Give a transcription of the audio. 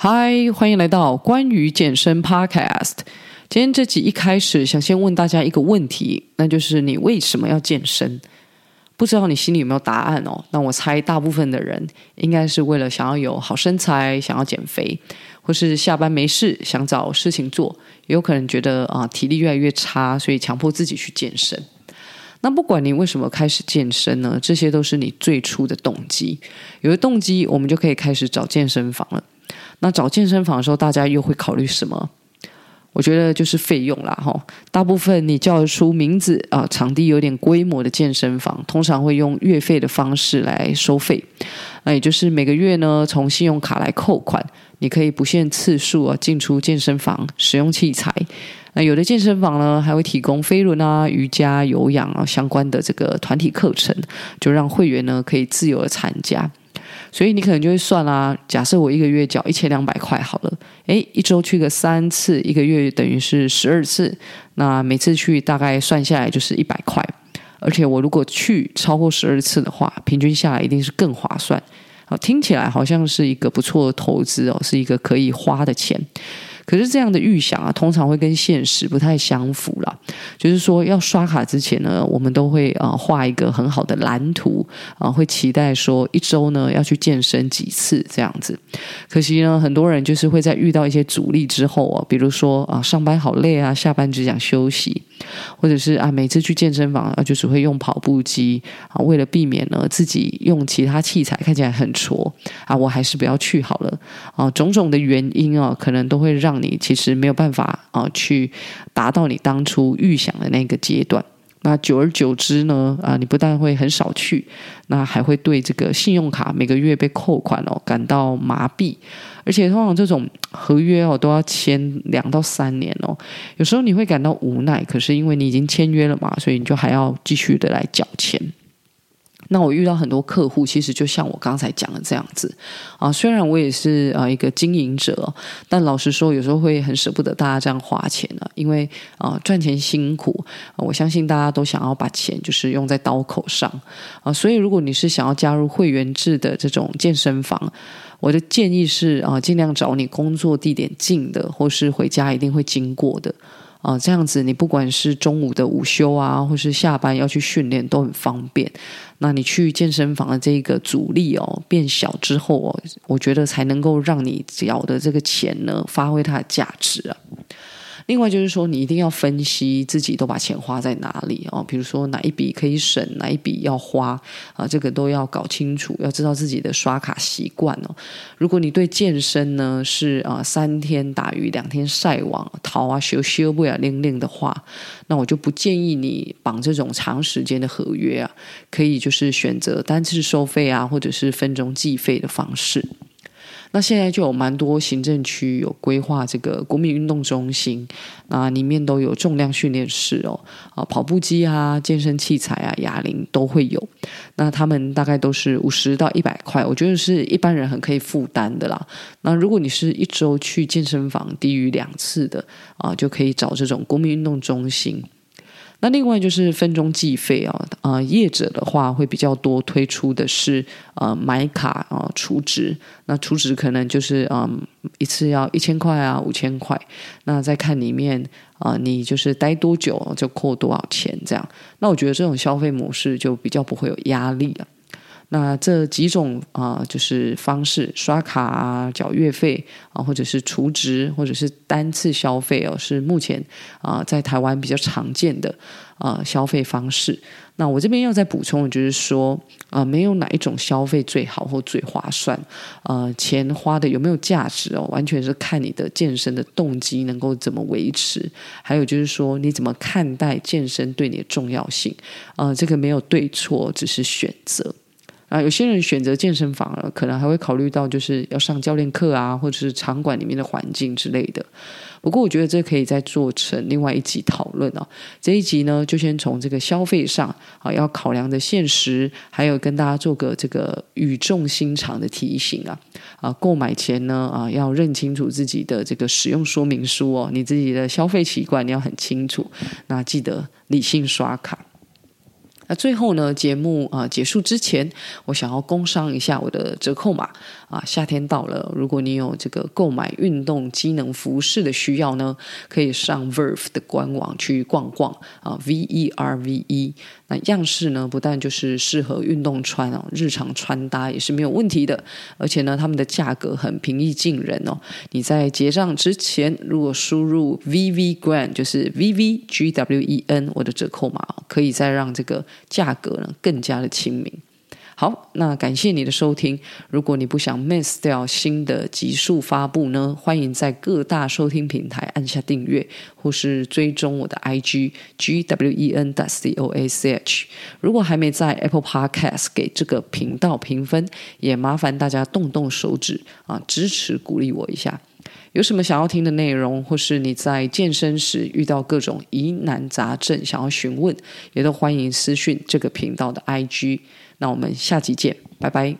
嗨，Hi, 歡迎來到關於健身 Podcast。今天這集一開始，想先問大家一個問題，那就是你為什麼要健身？不知道你心裡有沒有答案哦。那我猜，大部分的人應該是為了想要有好身材，想要減肥，或是下班沒事想找事情做，也有可能覺得啊、呃、體力越來越差，所以強迫自己去健身。那不管你為什麼開始健身呢，這些都是你最初的動機。有了動機，我們就可以開始找健身房了。那找健身房的時候，大家又會考慮什麼？我覺得就是費用啦，吼，大部分你叫得出名字啊，場地有點規模的健身房，通常會用月費的方式來收費。那也就是每個月呢，從信用卡來扣款。你可以不限次數啊，進出健身房、使用器材。那有的健身房呢，還會提供飛輪啊、瑜伽、有氧啊相關的這個團體課程，就讓會員呢可以自由的參加。所以你可能就會算啦，啊，假設我一個月繳一千兩百塊好了，哎，一周去個三次，一個月等於是十二次，那每次去大概算下來就是一百塊，而且我如果去超過十二次的話，平均下來一定是更划算。好，聽起來好像是一個不錯的投資哦，是一個可以花的錢。可是這樣的預想啊，通常會跟現實不太相符啦。就是說，要刷卡之前呢，我們都會啊、呃、畫一個很好的藍圖啊、呃，會期待說一周呢要去健身幾次這樣子。可惜呢，很多人就是會在遇到一些阻力之後啊，比如說啊、呃、上班好累啊，下班只想休息，或者是啊每次去健身房啊就只、是、會用跑步機啊，為了避免呢自己用其他器材看起來很挫啊，我還是不要去好了啊。種種的原因啊，可能都會讓。你其實沒有辦法啊，去達到你當初預想的那個階段。那久而久之呢，啊，你不但會很少去，那還會對這個信用卡每個月被扣款哦感到麻痹。而且通常這種合約哦都要簽兩到三年哦，有時候你會感到無奈，可是因為你已經簽約了嘛，所以你就還要繼續的來繳錢。那我遇到很多客戶，其實就像我剛才講的這樣子啊，雖然我也是啊、呃、一個經營者，但老實說，有時候會很舍不得大家這樣花錢啊。因為啊、呃、賺錢辛苦、呃，我相信大家都想要把錢就是用在刀口上啊、呃，所以如果你是想要加入會員制的這種健身房，我的建議是啊、呃，尽量找你工作地點近的，或是回家一定會經過的。哦，這樣子，你不管是中午的午休啊，或是下班要去訓練，都很方便。那你去健身房的這個阻力哦，變小之後哦，我覺得才能夠讓你繳的這個錢呢，發揮它的價值啊。另外就是說，你一定要分析自己都把錢花在哪裡哦，比如說哪一筆可以省，哪一筆要花啊、呃，這個都要搞清楚，要知道自己的刷卡習慣哦。如果你對健身呢是啊、呃、三天打魚兩天曬網，逃啊修修不了零零的話，那我就不建議你綁這種長時間的合約啊，可以就是選擇單次收費啊，或者是分鐘計費的方式。那現在就有蠻多行政區有規劃這個國民運動中心啊，裡面都有重量訓練室哦，啊跑步機啊、健身器材啊、啞鈴都會有。那他們大概都是五十到一百塊，我覺得是一般人很可以負擔的啦。那如果你是一周去健身房低於兩次的啊，就可以找這種國民運動中心。那另外就是分鐘計費哦、啊，啊、呃、業者的話會比較多推出的是啊、呃、買卡啊儲、呃、值，那儲值可能就是啊、呃、一次要一千塊啊五千塊，那再看裡面啊、呃、你就是待多久、啊、就扣多少錢這樣，那我覺得這種消費模式就比較不會有壓力了、啊。那這幾種啊、呃，就是方式，刷卡啊，繳月費啊、呃，或者是儲值，或者是單次消費哦、呃，是目前啊、呃、在台灣比較常見的啊、呃、消費方式。那我這邊要再補充的就是說啊、呃，沒有哪一種消費最好或最划算，呃，錢花的有沒有價值哦、呃，完全是看你的健身的動機能夠怎麼維持，還有就是說你怎麼看待健身對你的重要性啊、呃，這個沒有對錯，只是選擇。啊，有些人選擇健身房了，可能還會考慮到就是要上教練課啊，或者是場館裡面的環境之類的。不過，我覺得這可以再做成另外一集討論哦。啊，這一集呢，就先從這個消費上啊要考量的現實，還有跟大家做個這個語重心長的提醒啊啊，購買前呢啊要認清楚自己的這個使用說明書哦，你自己的消費習慣你要很清楚，那記得理性刷卡。那最後呢，節目啊、呃、結束之前，我想要工商一下我的折扣碼啊。夏天到了，如果你有這個購買運動機能服飾的需要呢，可以上 VERVE 的官網去逛逛啊，V E R V E。R、v e, 那樣式呢，不但就是適合運動穿哦，日常穿搭也是沒有問題的。而且呢，他們的價格很平易近人哦。你在結賬之前，如果輸入 V V Grand 就是 V V G W E N，我的折扣碼可以再讓這個。價格呢更加的親民。好，那感謝你的收聽。如果你不想 miss 掉新的集數發布呢，歡迎在各大收聽平台按下訂閱，或是追蹤我的 IG G W E N dot C O A C H。如果還沒在 Apple Podcast 給這個頻道評分，也麻煩大家動動手指啊，支持鼓勵我一下。有什麼想要聽的內容，或是你在健身時遇到各種疑難雜症，想要詢問，也都歡迎私訊這個頻道的 IG。那我們下集見，拜拜。